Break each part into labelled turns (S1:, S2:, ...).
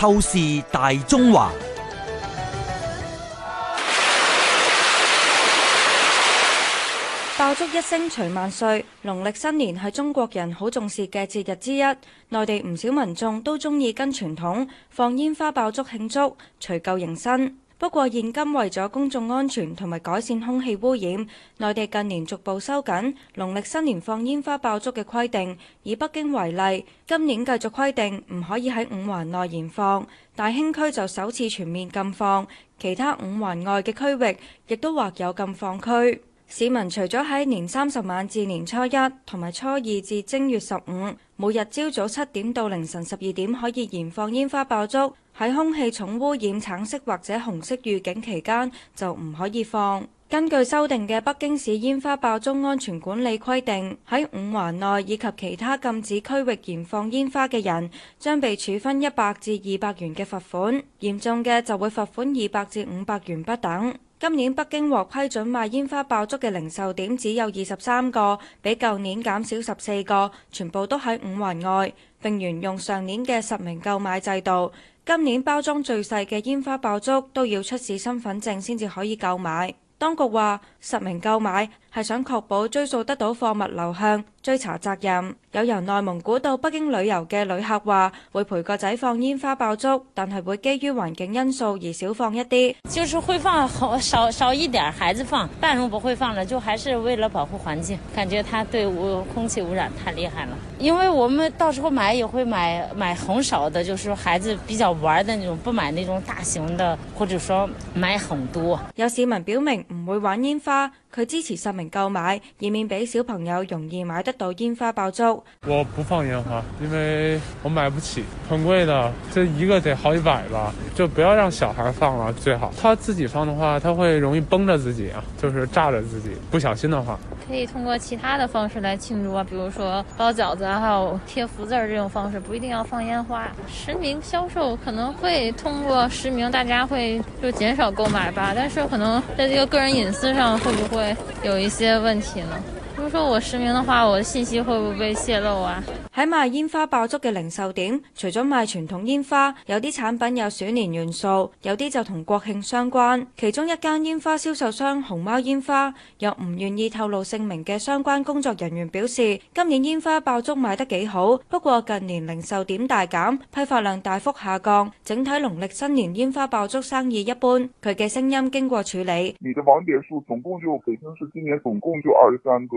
S1: 透視大中華，爆竹一聲除萬歲。農曆新年係中國人好重視嘅節日之一，內地唔少民眾都鍾意跟傳統放煙花爆竹慶祝，除舊迎新。不過，現今為咗公眾安全同埋改善空氣污染，內地近年逐步收緊農曆新年放煙花爆竹嘅規定。以北京為例，今年繼續規定唔可以喺五環內燃放，大興區就首次全面禁放，其他五環外嘅區域亦都劃有禁放區。市民除咗喺年三十晚至年初一，同埋初二至正月十五，每日朝早七點到凌晨十二點可以燃放煙花爆竹。喺空氣重污染橙色或者紅色預警期間就唔可以放。根據修訂嘅《北京市煙花爆竹安全管理規定》，喺五環內以及其他禁止區域燃放煙花嘅人，將被處分一百至二百元嘅罰款，嚴重嘅就會罰款二百至五百元不等。今年北京獲批准賣煙花爆竹嘅零售點只有二十三個，比舊年減少十四個，全部都喺五環外，並沿用上年嘅實名購買制度。今年包裝最細嘅煙花爆竹都要出示身份證先至可以購買。當局話實名購買係想確保追溯得到貨物流向、追查責任。有由內蒙古到北京旅遊嘅旅客話，會陪個仔放煙花爆竹，但係會基於環境因素而少放一啲。就是會放少少一點，孩子放，大人不會放了，就還是為了保護環境，感覺它對污空氣污染太厲害了。因為我們到時候買也會買買很少的，就是孩子比較玩的那種，不買那種大型的，或者說買很多。有市民表明，唔會玩煙花，佢支持實名購買，以免俾小朋友容易買得到煙花爆竹。我不放煙花，因為我買不起，很貴的，這一個得好幾百吧，就不要讓小孩放了，最好他自己放的話，他會容易崩着自己啊，就是炸着自己，不小心的話。可以通過其他的方式來慶祝啊，比如說包餃子，還有貼福字這種方式，不一定要放煙花。實名銷售可能會通過實名，大家會就減少購買吧，但是可能在這個個。個人隱私上會不會有一些問題呢？如果我實名的話，我的信息會不會洩露啊？喺賣煙花爆竹嘅零售點，除咗賣傳統煙花，有啲產品有鼠年元素，有啲就同國慶相關。其中一間煙花銷售商熊貓煙花又唔願意透露姓名嘅相關工作人員表示，今年煙花爆竹賣得幾好，不過近年零售點大減，批發量大幅下降，整體農曆新年煙花爆竹生意一般。佢嘅聲音經過處理。你的網點數總共就北京市今年總共就二十三個。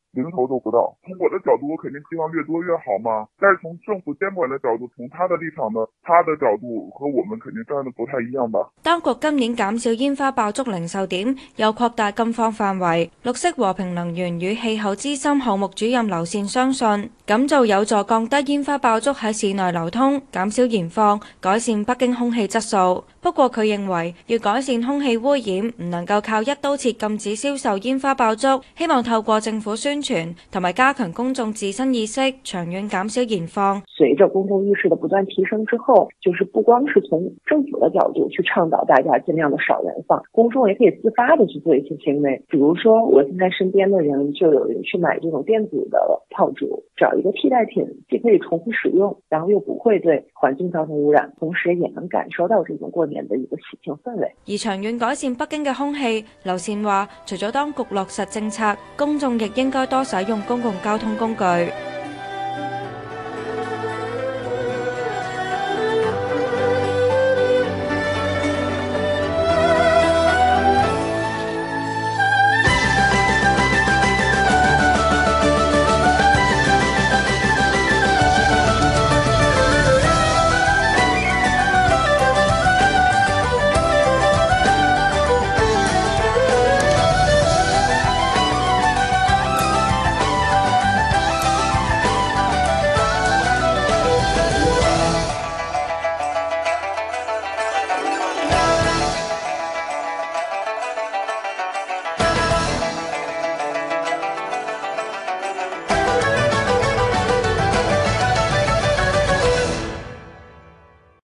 S1: 零頭都不到，從我的角度，我肯定希望越多越好嘛。但是從政府監管的角度，從他的立場呢，他的角度和我們肯定站的不太一樣吧。當局今年減少煙花爆竹零售點，又擴大禁放範圍。綠色和平能源與氣候資深項目主任劉善相信，咁就有助降低煙花爆竹喺市內流通，減少燃放，改善北京空氣質素。不過佢認為，要改善空氣污染，唔能夠靠一刀切禁止銷售煙花爆竹，希望透過政府宣。安全同埋加強公眾自身意識，長遠減少燃放。隨着公眾意識的不斷提升之後，就是不光是從政府的角度去倡導大家盡量的少燃放，公眾也可以自發的去做一些行為。比如說，我現在身邊的人就有人去買這種電子的炮竹，找一個替代品，既可以重複使用，然後又不會對環境造成污染，同時也能感受到這種過年的一個喜慶氛圍。而長遠改善北京嘅空氣，劉善話，除咗當局落實政策，公眾亦應該。多使用公共交通工具。